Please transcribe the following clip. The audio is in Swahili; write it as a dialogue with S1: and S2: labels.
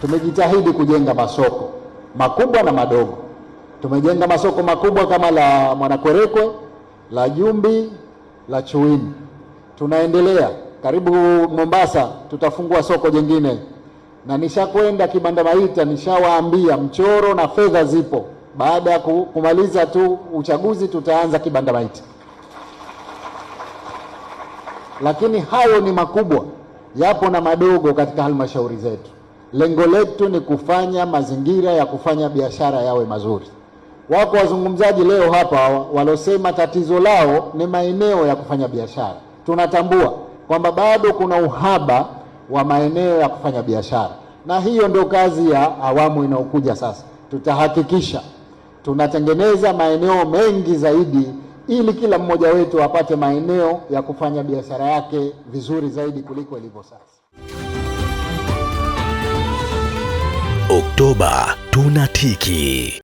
S1: Tumejitahidi kujenga masoko makubwa na madogo. Tumejenga masoko makubwa kama la Mwanakwerekwe, la Jumbi, la Chuini. Tunaendelea karibu Mombasa, tutafungua soko jingine, na nishakwenda Kibanda Maita, nishawaambia mchoro na fedha zipo. Baada ya kumaliza tu uchaguzi, tutaanza Kibanda Maita. Lakini hayo ni makubwa, yapo na madogo katika halmashauri zetu. Lengo letu ni kufanya mazingira ya kufanya biashara yawe mazuri. Wako wazungumzaji leo hapa walosema tatizo lao ni maeneo ya kufanya biashara. Tunatambua kwamba bado kuna uhaba wa maeneo ya kufanya biashara, na hiyo ndio kazi ya awamu inayokuja sasa. Tutahakikisha tunatengeneza maeneo mengi zaidi, ili kila mmoja wetu apate maeneo ya kufanya biashara yake vizuri zaidi kuliko ilivyo sasa. Oktoba tunatiki.